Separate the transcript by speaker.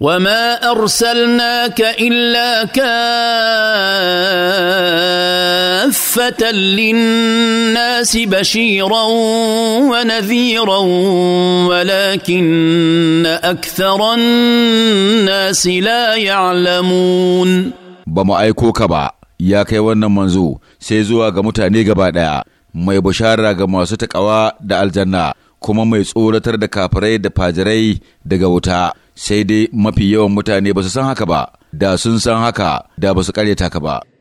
Speaker 1: وما ارسلناك الا كافه للناس بشيرا ونذيرا ولكن اكثر الناس لا يعلمون
Speaker 2: bamu aiko ka ba ya kai wannan manzo sai zuwa ga mutane gaba ɗaya mai bushara ga masu taƙawa da aljanna kuma mai tsoratar da kafirai da fajirai daga wuta sai dai mafi yawan mutane ba su san haka ba, da sun san haka da ba su ƙaryata ka ba.